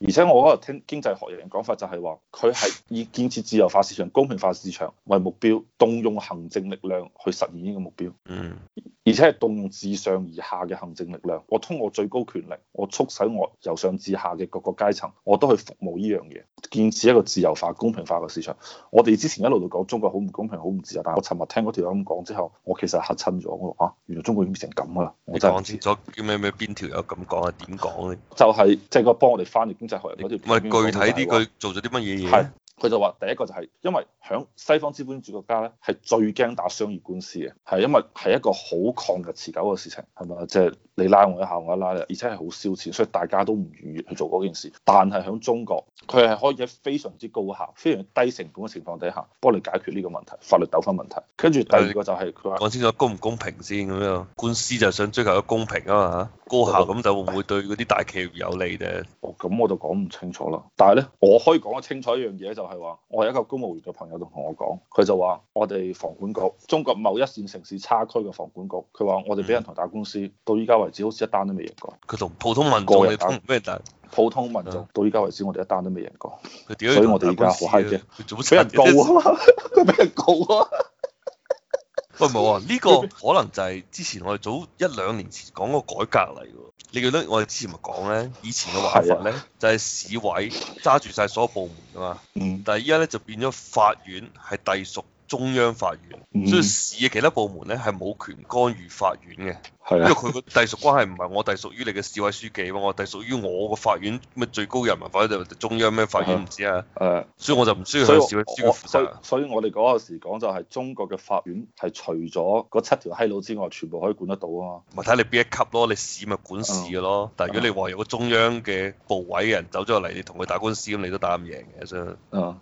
而且我嗰個聽經濟學人講法就係話，佢係以建設自由化市場，公平化市場為目標，動用行政力量去實現呢個目標，而且係動用自上而下嘅行政力量，我通過最高權力，我促使我由上至下嘅各個階層，我都去服務呢樣嘢。建設一個自由化、公平化嘅市場。我哋之前一路都講中國好唔公平、好唔自由，但係我尋日聽嗰條友咁講之後，我其實嚇親咗喎嚇！原來中國已經變成咁㗎啦！你講清楚，叫咩咩邊條友咁講啊？點講咧、就係？就係即係個幫我哋翻譯經濟學嗰條。唔係具體啲，佢做咗啲乜嘢嘢？佢就話：第一個就係因為喺西方資本主義國家咧，係最驚打商業官司嘅，係因為係一個好抗日持久嘅事情，係咪？即係你拉我一下，我一拉你，而且係好燒錢，所以大家都唔願意去做嗰件事。但係喺中國，佢係可以喺非常之高效、非常低成本嘅情況底下幫你解決呢個問題、法律糾紛問題。跟住第二個就係佢話講清楚公唔公平先咁樣，官司就想追求一公平啊嘛。高效咁就會唔會對嗰啲大企業有利咧？哦、嗯，咁我就講唔清楚啦。但係咧，我可以講得清楚一樣嘢，就係話我有一個公務員嘅朋友就同我講，佢就話我哋房管局中國某一線城市差區嘅房管局，佢話我哋俾人同大公司，嗯、到依家為止好似一單都未贏過。佢同普通民眾打咩？但普通民眾、嗯、到依家為止，我哋一單都未贏過。所以我哋而家好嗨啫。佢俾人告啊，佢俾人告啊！ 喂，冇啊！呢個可能就係之前我哋早一兩年前講個改革嚟嘅。你記得我哋之前咪講咧，以前嘅話法咧，就係市委揸住晒所有部門㗎嘛。但係而家咧就變咗法院係隸屬。中央法院，所以市嘅其他部門咧係冇權干預法院嘅，啊、因為佢個隸屬關係唔係我隸屬於你嘅市委書記，我隸屬於我個法院，咩最高人民法院就中央咩法院唔知啊，誒、啊，所以我就唔需要向市委書記負責所。所以，所以我哋嗰陣時講就係中國嘅法院係除咗嗰七條閪佬之外，全部可以管得到啊嘛。咪睇你邊一級咯，你市咪管市嘅咯。嗯、但係如果你話有個中央嘅部委嘅人走咗嚟，你同佢打官司咁，你都打唔贏嘅。所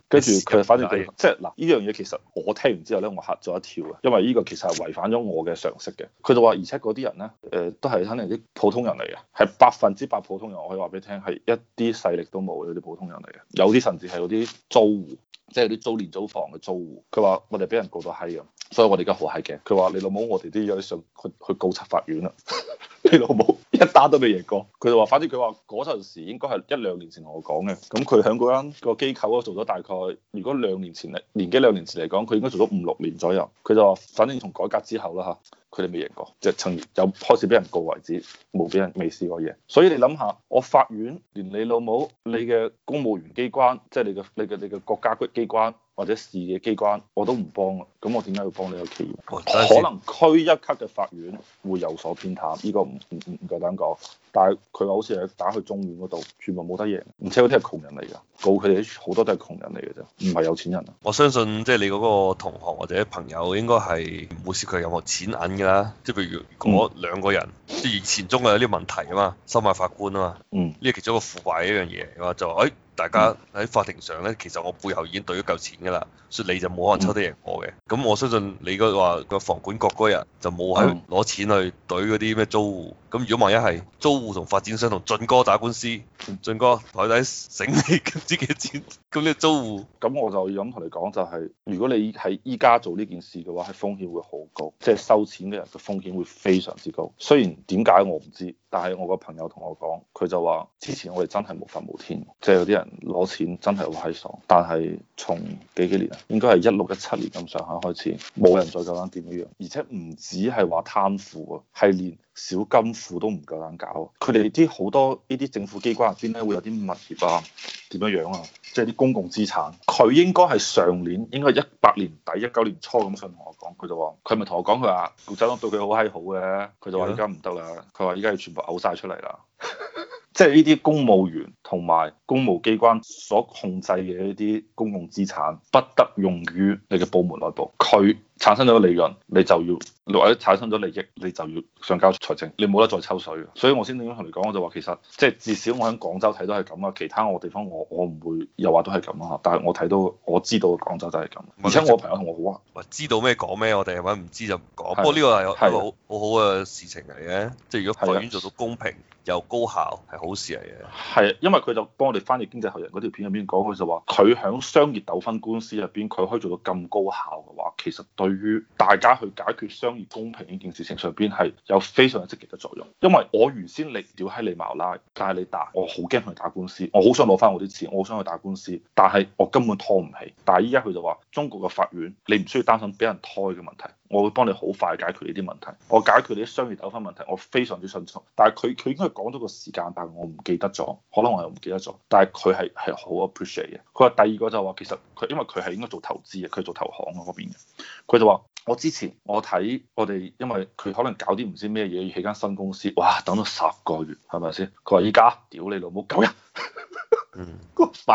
跟住佢，嗯、反正、哎、即係嗱，呢樣嘢其實我。聽完之後咧，我嚇咗一跳啊！因為呢個其實係違反咗我嘅常識嘅。佢就話，而且嗰啲人咧，誒、呃、都係肯定啲普通人嚟嘅，係百分之百普通人。我可以話俾你聽，係一啲勢力都冇嘅啲普通人嚟嘅。有啲甚至係嗰啲租戶，即係啲租廉租房嘅租戶。佢話：我哋俾人告到閪咁，所以我哋而家好閪驚。佢話：你老母，我哋都要上去去告察法院啦！ 你老母一打都未贏過，佢就話：反正佢話嗰陣時應該係一兩年前同我講嘅。咁佢喺嗰間個機構做咗大概，如果兩年前嚟，年幾兩年前嚟講，佢應該做咗五六年左右。佢就話：反正從改革之後啦嚇，佢哋未贏過，即係曾有開始俾人告為止，冇俾人未試過贏。所以你諗下，我法院連你老母、你嘅公務員機關，即係你嘅、你嘅、你嘅國家機關。或者市嘅機關，我都唔幫，咁我點解要幫你個企業？是可能區一級嘅法院會有所偏袒，呢、呢個唔唔唔夠膽講。但係佢話好似係打去中院嗰度，全部冇得贏。而且嗰啲係窮人嚟㗎，告佢哋好多都係窮人嚟嘅啫，唔係有錢人。我相信即係你嗰個同學或者朋友應該係唔會涉及任何錢銀㗎啦。即係譬如講兩個人，即係、嗯、以前中國有啲問題啊嘛，收買法官啊嘛，呢、嗯、其中一個腐敗一樣嘢，話就話嗯、大家喺法庭上咧，其實我背後已經賭咗嚿錢㗎啦，所以你就冇可能抽得贏我嘅。咁、嗯、我相信你個話房管局嗰日就冇喺攞錢去賭嗰啲咩租戶。咁、嗯、如果萬一係租戶同發展商同俊哥打官司，俊、嗯、哥台底醒你自己錢，咁你租戶？咁我就咁同你講就係、是，如果你喺依家做呢件事嘅話，係風險會好。即係收錢嘅人嘅風險會非常之高，雖然點解我唔知，但係我個朋友同我講，佢就話之前我哋真係無法無天，即係有啲人攞錢真係好閪爽，但係從幾幾年啊，應該係一六一七年咁上下，開始冇人再夠膽掂呢樣，而且唔止係話貪腐喎，係連小金庫都唔夠膽搞，佢哋啲好多呢啲政府機關入邊咧會有啲物業啊，點樣樣啊。即係啲公共資產，佢應該係上年，應該係一八年底、一九年初咁想同我講，佢就話：佢咪同我講佢話，胡仔東對佢好閪好嘅，佢就話依家唔得啦，佢話依家要全部嘔晒出嚟啦。 即係呢啲公務員同埋公務機關所控制嘅呢啲公共資產，不得用於你嘅部門內部。佢產生咗利潤，你就要或者產生咗利益，你就要上交財政，你冇得再抽水。所以我先點樣同你講，我就話其實即係至少我喺廣州睇都係咁啊，其他我地方我我唔會又話都係咁啊。但係我睇到我知道廣州就係咁，而且我朋友同我好話，知道咩講咩，我哋唔知就唔講。的不過呢個係一個好好好嘅事情嚟嘅，即係的如果法院做到公平又高效，係好事嚟嘅。係，因為佢就幫我哋翻譯《經濟學人》嗰條片入邊講，佢就話佢喺商業糾紛官司入邊，佢可以做到咁高效嘅話，其實對於大家去解決商業公平呢件事情上邊係有非常積極嘅作用，因為我原先你屌喺你茅拉，但係你打我好驚去打官司，我好想攞翻我啲錢，我好想去打官司，但係我根本拖唔起但。但係依家佢就話中國嘅法院，你唔需要擔心俾人拖嘅問題。我會幫你好快解決呢啲問題，我解決你啲商業糾紛問題，我非常之迅速。但係佢佢應該講咗個時間，但係我唔記得咗，可能我又唔記得咗。但係佢係係好 appreciate 嘅。佢話第二個就話其實佢因為佢係應該做投資嘅，佢做投行嗰邊嘅。佢就話我之前我睇我哋，因為佢可能搞啲唔知咩嘢要起間新公司，哇，等咗十個月係咪先？佢話依家屌你老母九日。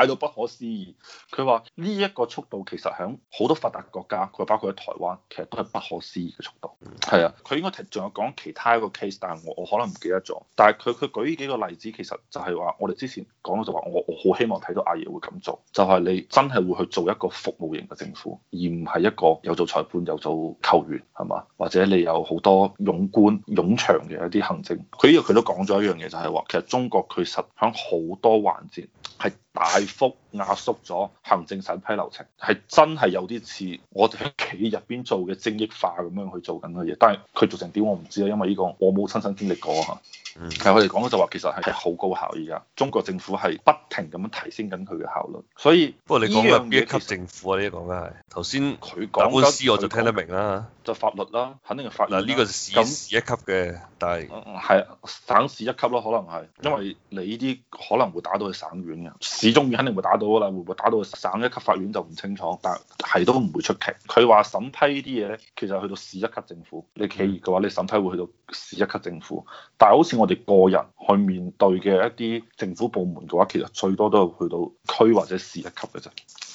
睇到不可思議。佢話呢一個速度其實喺好多發達國家，佢包括喺台灣，其實都係不可思議嘅速度。係啊，佢應該仲有講其他一個 case，但係我我可能唔記得咗。但係佢佢舉呢幾個例子，其實就係話我哋之前講咗就話，我我好希望睇到阿爺爺會咁做，就係你真係會去做一個服務型嘅政府，而唔係一個有做裁判有做球員係嘛？或者你有好多勇官勇場嘅一啲行政。佢呢個佢都講咗一樣嘢，就係話其實中國佢實響好多環節。係大幅壓縮咗行政審批流程，係真係有啲似我哋喺企入邊做嘅精益化咁樣去做緊嘅嘢。但係佢做成點我唔知啊，因為呢個我冇親身經歷過嚇。嗯，係我哋講嘅就話其實係好高效而家，中國政府係不停咁樣提升緊佢嘅效率。所以不過你講嘅邊一級政府啊？呢個梗係頭先佢講緊嘅，我就聽得明啦。就法律啦，肯定係法律嗱。呢個市市一級嘅。那但係是係、嗯、省市一級咯，可能係因為你呢啲可能會打到去省院。嘅。市中院肯定會打到噶啦，會唔會打到省一級法院就唔清楚，但係都唔會出奇。佢話審批呢啲嘢咧，其實去到市一級政府，你企業嘅話，你審批會去到市一級政府。但係好似我哋個人去面對嘅一啲政府部門嘅話，其實最多都係去到區或者市一級嘅啫，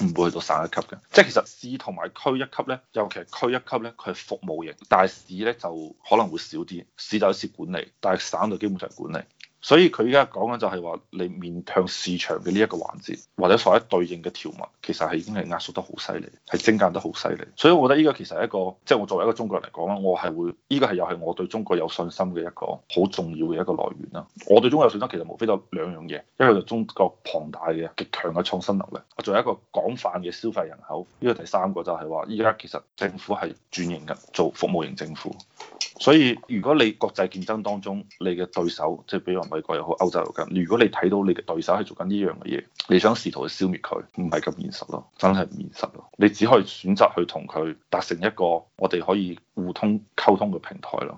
唔會去到省一級嘅。即係其實市同埋區一級咧，尤其係區一級咧，佢係服務型，但係市咧就可能會少啲，市就係市管理，但係省就基本上管理。所以佢依家講緊就係話，你面向市場嘅呢一個環節，或者所謂對應嘅條文，其實係已經係壓縮得好犀利，係精簡得好犀利。所以我覺得呢個其實係一個，即係我作為一個中國人嚟講啦，我係會呢個係又係我對中國有信心嘅一個好重要嘅一個來源啦。我對中國有信心，其實無非就兩樣嘢，一個就中國龐大嘅極強嘅創新能力，作為一個廣泛嘅消費人口。呢個第三個就係話，依家其實政府係轉型緊做服務型政府。所以如果你國際競爭當中，你嘅對手即係比如美國又好、歐洲又好，如果你睇到你嘅對手係做緊呢樣嘅嘢，你想試圖去消滅佢，唔係咁現實咯，真係唔現實咯。 你只可以選擇去同佢達成一個我哋可以互通溝通嘅平台咯。